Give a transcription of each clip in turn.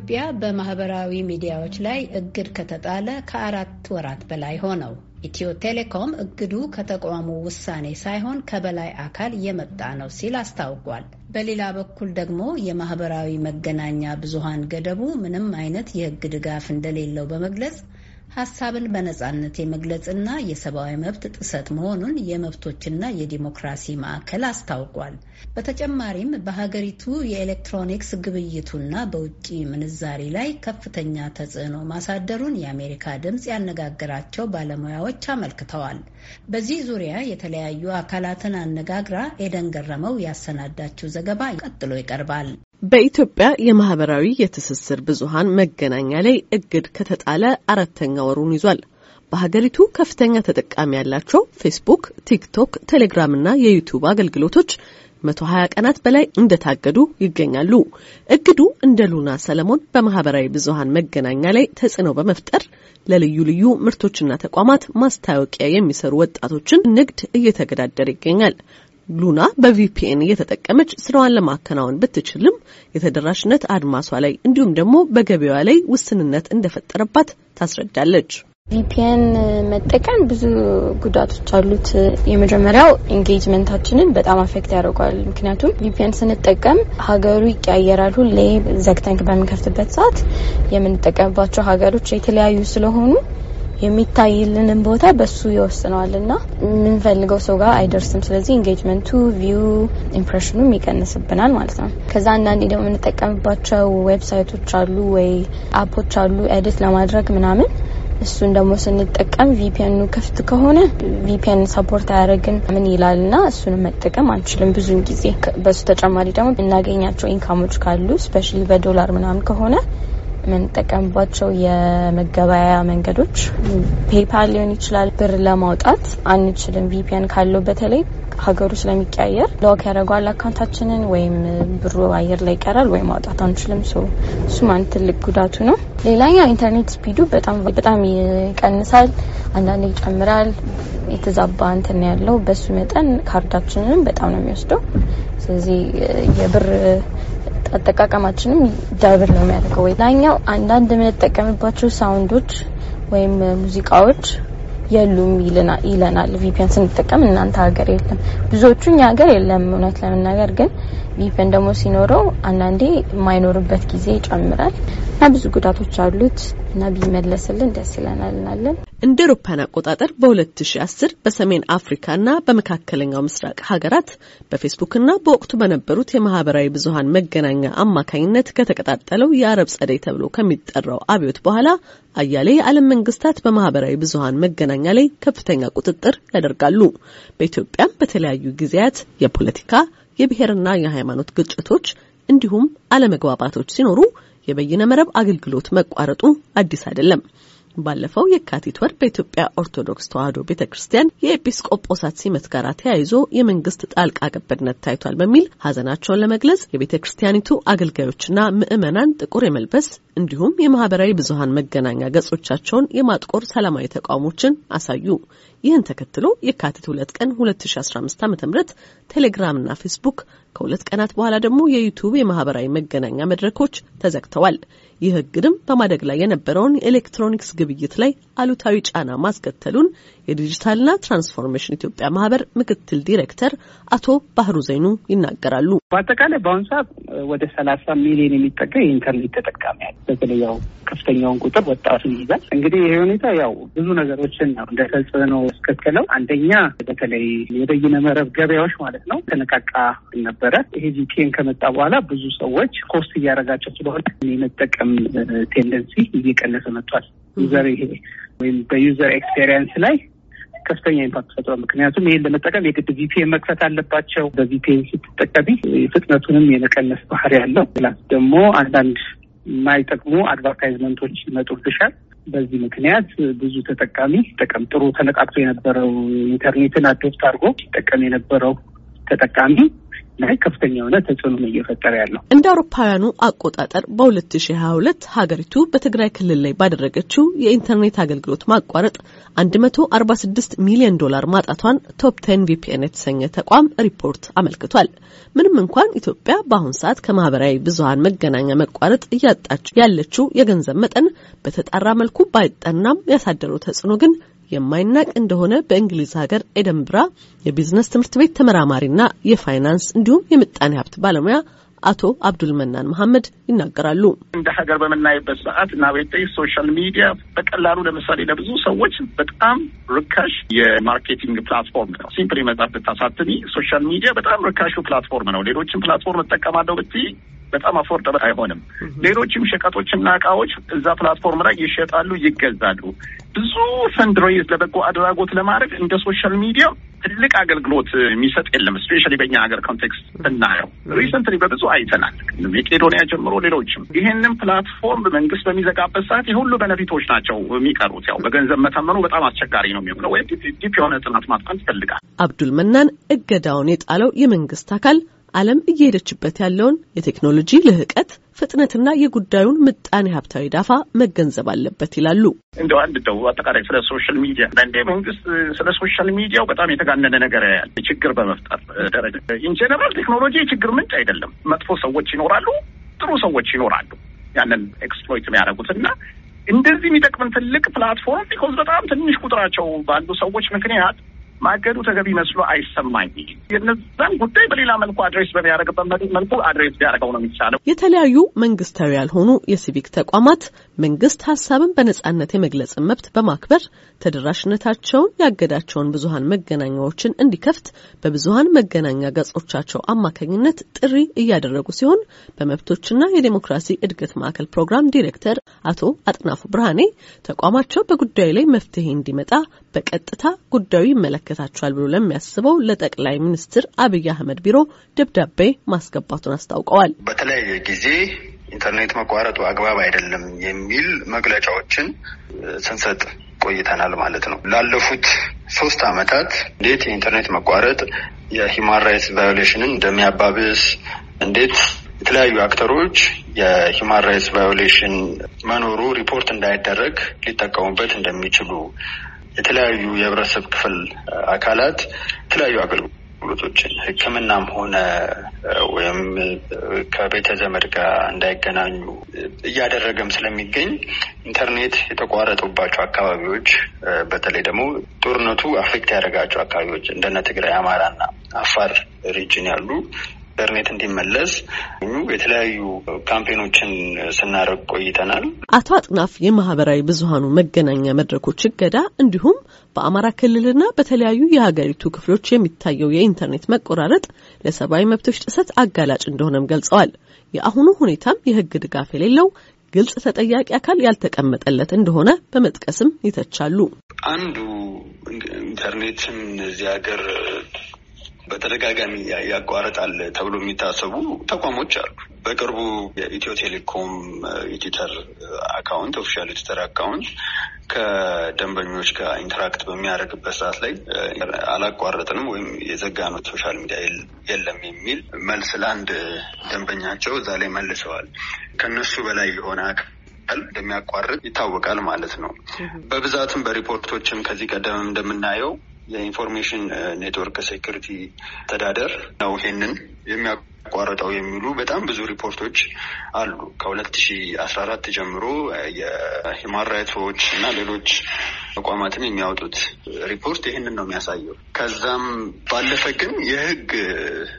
በኢትዮጵያ በማህበራዊ ሚዲያዎች ላይ እግድ ከተጣለ ከአራት ወራት በላይ ሆነው። ኢትዮ ቴሌኮም እግዱ ከተቋሙ ውሳኔ ሳይሆን ከበላይ አካል የመጣ ነው ሲል አስታውቋል። በሌላ በኩል ደግሞ የማህበራዊ መገናኛ ብዙሃን ገደቡ ምንም አይነት የህግ ድጋፍ እንደሌለው በመግለጽ ሀሳብን በነጻነት የመግለጽና የሰብአዊ መብት ጥሰት መሆኑን የመብቶችና የዲሞክራሲ ማዕከል አስታውቋል። በተጨማሪም በሀገሪቱ የኤሌክትሮኒክስ ግብይቱና በውጭ ምንዛሪ ላይ ከፍተኛ ተጽዕኖ ማሳደሩን የአሜሪካ ድምፅ ያነጋገራቸው ባለሙያዎች አመልክተዋል። በዚህ ዙሪያ የተለያዩ አካላትን አነጋግራ ኤደን ገረመው ያሰናዳችው ዘገባ ቀጥሎ ይቀርባል። በኢትዮጵያ የማህበራዊ የትስስር ብዙሀን መገናኛ ላይ እግድ ከተጣለ አራተኛ ወሩን ይዟል። በሀገሪቱ ከፍተኛ ተጠቃሚ ያላቸው ፌስቡክ፣ ቲክቶክ፣ ቴሌግራም እና የዩቱብ አገልግሎቶች መቶ ሀያ ቀናት በላይ እንደታገዱ ይገኛሉ። እግዱ እንደ ሉና ሰለሞን በማህበራዊ ብዙሀን መገናኛ ላይ ተጽዕኖ በመፍጠር ለልዩ ልዩ ምርቶችና ተቋማት ማስታወቂያ የሚሰሩ ወጣቶችን ንግድ እየተገዳደረ ይገኛል። ሉና በቪፒኤን እየተጠቀመች ስራዋን ለማከናወን ብትችልም የተደራሽነት አድማሷ ላይ እንዲሁም ደግሞ በገበያዋ ላይ ውስንነት እንደፈጠረባት ታስረዳለች። ቪፒኤን መጠቀም ብዙ ጉዳቶች አሉት። የመጀመሪያው ኢንጌጅመንታችንን በጣም አፌክት ያደርገዋል። ምክንያቱም ቪፒኤን ስንጠቀም ሀገሩ ይቀያየራል። ሁሌ ዘግተንክ በምንከፍትበት ሰዓት የምንጠቀምባቸው ሀገሮች የተለያዩ ስለሆኑ የሚታይልንን ቦታ በሱ ይወስነዋል እና የምንፈልገው ሰው ጋር አይደርስም። ስለዚህ ኤንጌጅመንቱ ቪው፣ ኢምፕሬሽኑም ይቀንስብናል ማለት ነው። ከዛ አንዳንዴ ደግሞ የምንጠቀምባቸው ዌብሳይቶች አሉ ወይ አፖች አሉ ኤዲት ለማድረግ ምናምን እሱን ደግሞ ስንጠቀም ቪፒኑ ክፍት ከሆነ ቪፒን ሰፖርት አያደረግን ምን ይላል ና እሱንም መጠቀም አንችልም ብዙን ጊዜ። በሱ ተጨማሪ ደግሞ እናገኛቸው ኢንካሞች ካሉ ስፔሻሊ በዶላር ምናምን ከሆነ የምንጠቀምባቸው የመገበያያ መንገዶች ፔፓል ሊሆን ይችላል። ብር ለማውጣት አንችልም። ቪፒን ካለው በተለይ ሀገሩ ስለሚቀያየር ሎክ ያደረጓል አካውንታችንን ወይም ብሩ አየር ላይ ይቀራል ወይም ማውጣት አንችልም። እሱም አንድ ትልቅ ጉዳቱ ነው። ሌላኛው ኢንተርኔት ስፒዱ በጣም ይቀንሳል፣ አንዳንዴ ይጨምራል። የተዛባ እንትን ያለው በሱ መጠን ካርዳችንንም በጣም ነው የሚወስደው። ስለዚህ የብር አጠቃቀማችንም ዳይቨር ነው የሚያደርገው። ወይ ላኛው አንዳንድ የምንጠቀምባቸው ሳውንዶች ወይም ሙዚቃዎች የሉም ይለናል። ቪፒን ስንጠቀም እናንተ ሀገር የለም ብዙዎቹ እኛ ሀገር የለም እውነት ለመናገር ግን ኢቨን ደግሞ ሲኖረው አንዳንዴ የማይኖርበት ጊዜ ይጨምራል እና ብዙ ጉዳቶች አሉት እና ቢመለስልን ደስ ይለናል እናለን። እንደ ኤሮፓን አቆጣጠር በ2010 በሰሜን አፍሪካና በመካከለኛው ምስራቅ ሀገራት በፌስቡክና በወቅቱ በነበሩት የማህበራዊ ብዙሀን መገናኛ አማካኝነት ከተቀጣጠለው የአረብ ጸደይ ተብሎ ከሚጠራው አብዮት በኋላ አያሌ የዓለም መንግስታት በማህበራዊ ብዙሀን መገናኛ ላይ ከፍተኛ ቁጥጥር ያደርጋሉ። በኢትዮጵያም በተለያዩ ጊዜያት የፖለቲካ የብሔርና የሃይማኖት ግጭቶች እንዲሁም አለመግባባቶች ሲኖሩ የበይነ መረብ አገልግሎት መቋረጡ አዲስ አይደለም። ባለፈው የካቲት ወር በኢትዮጵያ ኦርቶዶክስ ተዋሕዶ ቤተ ክርስቲያን የኤጲስቆጶሳት ሲመት ጋር ተያይዞ የመንግስት ጣልቃ ገብነት ታይቷል በሚል ሀዘናቸውን ለመግለጽ የቤተ ክርስቲያኒቱ አገልጋዮችና ምዕመናን ጥቁር የመልበስ እንዲሁም የማህበራዊ ብዙሀን መገናኛ ገጾቻቸውን የማጥቆር ሰላማዊ ተቃውሞችን አሳዩ። ይህን ተከትሎ የካቲት ሁለት ቀን 2015 ዓ ም ቴሌግራምና ፌስቡክ ከሁለት ቀናት በኋላ ደግሞ የዩቲዩብ የማህበራዊ መገናኛ መድረኮች ተዘግተዋል። ይህ እግድም በማደግ ላይ የነበረውን የኤሌክትሮኒክስ ግብይት ላይ አሉታዊ ጫና ማስከተሉን የዲጂታልና ትራንስፎርሜሽን ኢትዮጵያ ማህበር ምክትል ዲሬክተር አቶ ባህሩ ዘይኑ ይናገራሉ። በአጠቃላይ በአሁኑ ሰዓት ወደ ሰላሳ ሚሊዮን የሚጠጋ የኢንተርኔት ተጠቃሚ ያለ በተለይ ያው ከፍተኛውን ቁጥር ወጣቱን ይይዛል። እንግዲህ ይህ ሁኔታ ያው ብዙ ነገሮችን ነው እንደ ተጽዕኖ ያስከተለው። አንደኛ በተለይ የበይነ መረብ ገበያዎች ማለት ነው ተነቃቃ ነበር ነበረ። ይሄ ቪፒኤን ከመጣ በኋላ ብዙ ሰዎች ኮስት እያደረጋቸው ስለሆነ የመጠቀም ቴንደንሲ እየቀነሰ መጥቷል። ዩዘር ይሄ ወይም በዩዘር ኤክስፔሪየንስ ላይ ከፍተኛ ኢምፓክት ፈጥሮ ምክንያቱም ይሄን ለመጠቀም የግድ ቪፒኤን መክፈት አለባቸው። በቪፒኤን ስትጠቀሚ ፍጥነቱንም የመቀነስ ባህሪ ያለው ፕላስ ደግሞ አንዳንድ የማይጠቅሙ አድቨርታይዝመንቶች ይመጡብሻል። በዚህ ምክንያት ብዙ ተጠቃሚ ጠቀም ጥሩ ተነቃቅቶ የነበረው ኢንተርኔትን አዶፕት አድርጎ ሲጠቀም የነበረው ተጠቃሚ ላይ ከፍተኛ የሆነ ተጽዕኖ እየፈጠረ ያለው። እንደ አውሮፓውያኑ አቆጣጠር በ2022 ሀገሪቱ በትግራይ ክልል ላይ ባደረገችው የኢንተርኔት አገልግሎት ማቋረጥ ስድስት ሚሊዮን ዶላር ማጣቷን ቶፕ ቴን ቪፒኤን የተሰኘ ተቋም ሪፖርት አመልክቷል። ምንም እንኳን ኢትዮጵያ በአሁኑ ሰዓት ከማህበራዊ ብዙሀን መገናኛ መቋረጥ እያጣች ያለችው የገንዘብ መጠን በተጣራ መልኩ ባይጠናም ያሳደረው ተጽዕኖ ግን የማይናቅ እንደሆነ በእንግሊዝ ሀገር ኤደንብራ የቢዝነስ ትምህርት ቤት ተመራማሪና የፋይናንስ እንዲሁም የምጣኔ ሀብት ባለሙያ አቶ አብዱል መናን መሐመድ ይናገራሉ። እንደ ሀገር በምናይበት ሰዓት እና ሶሻል ሚዲያ በቀላሉ ለምሳሌ ለብዙ ሰዎች በጣም ርካሽ የማርኬቲንግ ፕላትፎርም ነው። ሲምፕሊ መጽሐፍ ብታሳትሚ ሶሻል ሚዲያ በጣም ርካሹ ፕላትፎርም ነው። ሌሎችን ፕላትፎርም እጠቀማለሁ ብትይ በጣም አፎርደብል አይሆንም። ሌሎችም ሸቀጦችና እቃዎች እዛ ፕላትፎርም ላይ ይሸጣሉ፣ ይገዛሉ። ብዙ ፈንድሬዝ ለበጎ አድራጎት ለማድረግ እንደ ሶሻል ሚዲያ ትልቅ አገልግሎት የሚሰጥ የለም። ስፔሻሊ በእኛ ሀገር ኮንቴክስት ብናየው ሪሰንትሊ በብዙ አይተናል፣ መቄዶንያ ጀምሮ ሌሎችም። ይህንም ፕላትፎርም መንግስት በሚዘጋበት ሰዓት የሁሉ በነፊቶች ናቸው የሚቀሩት። ያው በገንዘብ መተመኑ በጣም አስቸጋሪ ነው የሚሆነው ወይም ዲፕ የሆነ ጥናት ማጥናት ይፈልጋል። አብዱል መናን እገዳውን የጣለው የመንግስት አካል ዓለም እየሄደችበት ያለውን የቴክኖሎጂ ልህቀት ፍጥነትና የጉዳዩን ምጣኔ ሀብታዊ ዳፋ መገንዘብ አለበት ይላሉ። እንደ አንድ ደው አጠቃላይ ስለ ሶሻል ሚዲያ አንዳንዴ መንግስት ስለ ሶሻል ሚዲያው በጣም የተጋነነ ነገር ያለ ችግር በመፍጠር ደረጃ ኢንጀነራል ቴክኖሎጂ የችግር ምንጭ አይደለም። መጥፎ ሰዎች ይኖራሉ፣ ጥሩ ሰዎች ይኖራሉ። ያንን ኤክስፕሎይት የሚያደርጉት እና እንደዚህ የሚጠቅምን ትልቅ ፕላትፎርም ቢኮዝ በጣም ትንሽ ቁጥራቸው ባሉ ሰዎች ምክንያት ማገዱ ተገቢ መስሎ አይሰማኝ። የነዛን ጉዳይ በሌላ መልኩ አድሬስ በሚያደርግበት መልኩ አድሬስ ቢያደርገው ነው የሚቻለው። የተለያዩ መንግስታዊ ያልሆኑ የሲቪክ ተቋማት መንግስት ሀሳብን በነጻነት የመግለጽን መብት በማክበር ተደራሽነታቸውን ያገዳቸውን ብዙሀን መገናኛዎችን እንዲከፍት በብዙሀን መገናኛ ገጾቻቸው አማካኝነት ጥሪ እያደረጉ ሲሆን በመብቶችና የዴሞክራሲ እድገት ማዕከል ፕሮግራም ዲሬክተር አቶ አጥናፉ ብርሃኔ ተቋማቸው በጉዳዩ ላይ መፍትሄ እንዲመጣ በቀጥታ ጉዳዩ ይመለከታቸዋል ብሎ ለሚያስበው ለጠቅላይ ሚኒስትር አብይ አህመድ ቢሮ ደብዳቤ ማስገባቱን አስታውቀዋል። በተለያየ ጊዜ ኢንተርኔት መቋረጡ አግባብ አይደለም የሚል መግለጫዎችን ስንሰጥ ቆይተናል ማለት ነው። ላለፉት ሶስት አመታት እንዴት የኢንተርኔት መቋረጥ የሂማን ራይትስ ቫዮሌሽንን እንደሚያባብስ እንዴት የተለያዩ አክተሮች የሂማን ራይትስ ቫዮሌሽን መኖሩ ሪፖርት እንዳይደረግ ሊጠቀሙበት እንደሚችሉ የተለያዩ የህብረተሰብ ክፍል አካላት የተለያዩ አገልግሎት አገልግሎቶችን ሕክምናም ሆነ ወይም ከቤተ ዘመድ ጋር እንዳይገናኙ እያደረገም ስለሚገኝ ኢንተርኔት የተቋረጡባቸው አካባቢዎች በተለይ ደግሞ ጦርነቱ አፌክት ያደረጋቸው አካባቢዎች እንደነ ትግራይ፣ አማራና አፋር ሪጅን ያሉ ኢንተርኔት እንዲመለስ የተለያዩ ካምፔኖችን ስናደርግ ቆይተናል። አቶ አጥናፍ የማህበራዊ ብዙሀኑ መገናኛ መድረኮች እገዳ እንዲሁም በአማራ ክልልና በተለያዩ የሀገሪቱ ክፍሎች የሚታየው የኢንተርኔት መቆራረጥ ለሰብአዊ መብቶች ጥሰት አጋላጭ እንደሆነም ገልጸዋል። የአሁኑ ሁኔታም የህግ ድጋፍ የሌለው ግልጽ ተጠያቂ አካል ያልተቀመጠለት እንደሆነ በመጥቀስም ይተቻሉ። አንዱ ኢንተርኔትን እዚህ ሀገር በተደጋጋሚ ያቋርጣል ተብሎ የሚታሰቡ ተቋሞች አሉ። በቅርቡ የኢትዮ ቴሌኮም የትዊተር አካውንት ኦፊሻል የትዊተር አካውንት ከደንበኞች ጋር ኢንተራክት በሚያደርግበት ሰዓት ላይ አላቋረጥንም ወይም የዘጋነው ሶሻል ሚዲያ የለም የሚል መልስ ለአንድ ደንበኛቸው እዛ ላይ መልሰዋል። ከነሱ በላይ የሆነ አካል እንደሚያቋርጥ ይታወቃል ማለት ነው። በብዛትም በሪፖርቶችም ከዚህ ቀደም እንደምናየው የኢንፎርሜሽን ኔትወርክ ሴኩሪቲ ተዳደር ነው ይሄንን የሚያቋርጠው የሚሉ በጣም ብዙ ሪፖርቶች አሉ። ከሁለት ሺ አስራ አራት ጀምሮ የሂማን ራይትስ እና ሌሎች ተቋማትን የሚያወጡት ሪፖርት ይህንን ነው የሚያሳየው። ከዛም ባለፈ ግን የህግ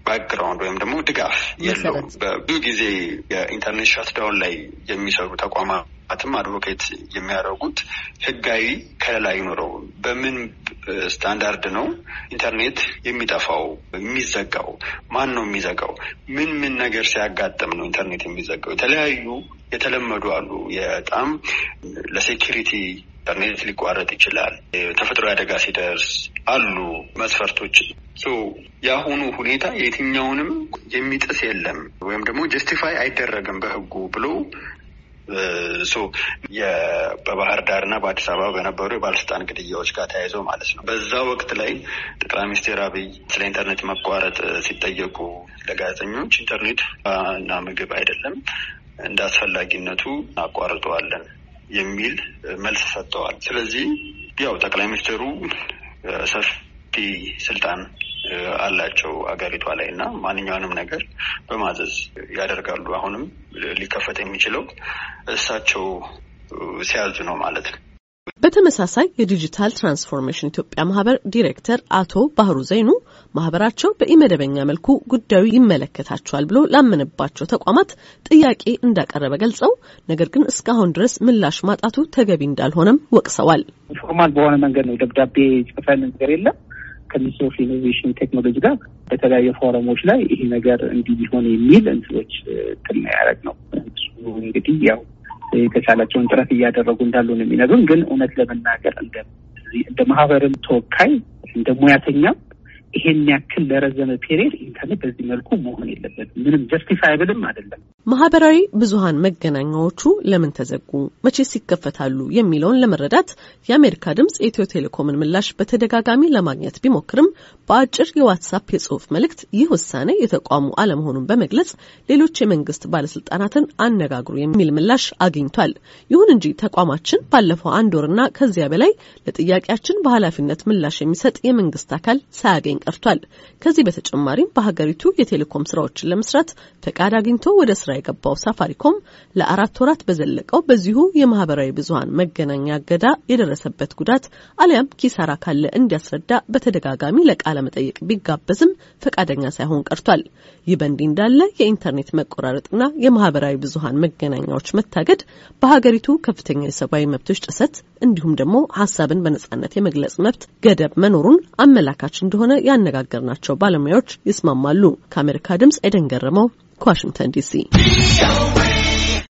ባክግራውንድ ወይም ደግሞ ድጋፍ የለውም። በብዙ ጊዜ የኢንተርኔት ሻትዳውን ላይ የሚሰሩ ተቋማት አትም አድቮኬት የሚያደርጉት ህጋዊ ከለላ ይኖረው። በምን ስታንዳርድ ነው ኢንተርኔት የሚጠፋው የሚዘጋው? ማን ነው የሚዘጋው? ምን ምን ነገር ሲያጋጥም ነው ኢንተርኔት የሚዘጋው? የተለያዩ የተለመዱ አሉ። በጣም ለሴኪሪቲ ኢንተርኔት ሊቋረጥ ይችላል፣ ተፈጥሮ አደጋ ሲደርስ አሉ መስፈርቶች። የአሁኑ ሁኔታ የትኛውንም የሚጥስ የለም ወይም ደግሞ ጀስቲፋይ አይደረግም በህጉ ብሎ በባህር ዳርና በአዲስ አበባ በነበሩ የባለስልጣን ግድያዎች ጋር ተያይዞ ማለት ነው። በዛ ወቅት ላይ ጠቅላይ ሚኒስትር አብይ ስለ ኢንተርኔት መቋረጥ ሲጠየቁ ለጋዜጠኞች ኢንተርኔት እና ምግብ አይደለም እንደ አስፈላጊነቱ እናቋርጠዋለን የሚል መልስ ሰጥተዋል። ስለዚህ ያው ጠቅላይ ሚኒስትሩ ሰፊ ስልጣን አላቸው አገሪቷ ላይ እና ማንኛውንም ነገር በማዘዝ ያደርጋሉ። አሁንም ሊከፈት የሚችለው እሳቸው ሲያዙ ነው ማለት ነው። በተመሳሳይ የዲጂታል ትራንስፎርሜሽን ኢትዮጵያ ማህበር ዲሬክተር አቶ ባህሩ ዘይኑ ማህበራቸው በኢመደበኛ መልኩ ጉዳዩ ይመለከታቸዋል ብሎ ላመነባቸው ተቋማት ጥያቄ እንዳቀረበ ገልጸው ነገር ግን እስካሁን ድረስ ምላሽ ማጣቱ ተገቢ እንዳልሆነም ወቅሰዋል። ኢንፎርማል በሆነ መንገድ ነው ደብዳቤ ጽፈን ነገር የለም ከሚሶሽ ኢኖቬሽን ቴክኖሎጂ ጋር በተለያዩ ፎረሞች ላይ ይሄ ነገር እንዲህ ሊሆን የሚል እንትሎች ትና ያደረግ ነው። እሱ እንግዲህ ያው የተቻላቸውን ጥረት እያደረጉ እንዳሉ ነው የሚነግሩን። ግን እውነት ለመናገር እንደ ማህበርም ተወካይ እንደ ሙያተኛ ይሄን ያክል ለረዘመ ፔሪየድ ኢንተርኔት በዚህ መልኩ መሆን የለበትም። ምንም ጀስቲፋይብልም አይደለም። ማህበራዊ ብዙሀን መገናኛዎቹ ለምን ተዘጉ፣ መቼስ ይከፈታሉ የሚለውን ለመረዳት የአሜሪካ ድምጽ የኢትዮ ቴሌኮምን ምላሽ በተደጋጋሚ ለማግኘት ቢሞክርም በአጭር የዋትሳፕ የጽሁፍ መልእክት ይህ ውሳኔ የተቋሙ አለመሆኑን በመግለጽ ሌሎች የመንግስት ባለስልጣናትን አነጋግሩ የሚል ምላሽ አግኝቷል። ይሁን እንጂ ተቋማችን ባለፈው አንድ ወርና ከዚያ በላይ ለጥያቄያችን በኃላፊነት ምላሽ የሚሰጥ የመንግስት አካል ሳያገኝ ቀርቷል። ከዚህ በተጨማሪም በሀገሪቱ የቴሌኮም ስራዎችን ለመስራት ፈቃድ አግኝቶ ወደ ስራ ስራ የገባው ሳፋሪኮም ለአራት ወራት በዘለቀው በዚሁ የማህበራዊ ብዙሀን መገናኛ እገዳ የደረሰበት ጉዳት አሊያም ኪሳራ ካለ እንዲያስረዳ በተደጋጋሚ ለቃለ መጠየቅ ቢጋበዝም ፈቃደኛ ሳይሆን ቀርቷል። ይህ በእንዲህ እንዳለ የኢንተርኔት መቆራረጥና የማህበራዊ ብዙሀን መገናኛዎች መታገድ በሀገሪቱ ከፍተኛ የሰብአዊ መብቶች ጥሰት እንዲሁም ደግሞ ሀሳብን በነጻነት የመግለጽ መብት ገደብ መኖሩን አመላካች እንደሆነ ያነጋገርናቸው ባለሙያዎች ይስማማሉ። ከአሜሪካ ድምጽ ኤደን ገረመው Washington, D.C.